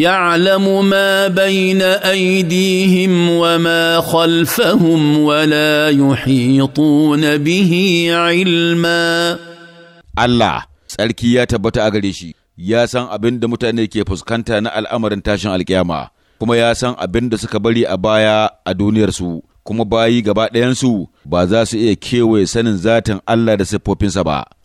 يعلم ما بين ايديهم وما خلفهم ولا يحيطون به علما الله tsarki ya tabbata a gare shi ya san abin da mutane ke fuskanta na al'amarin tashin alkiyama kuma ya san abin da suka bari a baya a duniyarsu kuma bayi gaba ɗayansu ba za su iya kewaye sanin zatin Allah da siffofinsa ba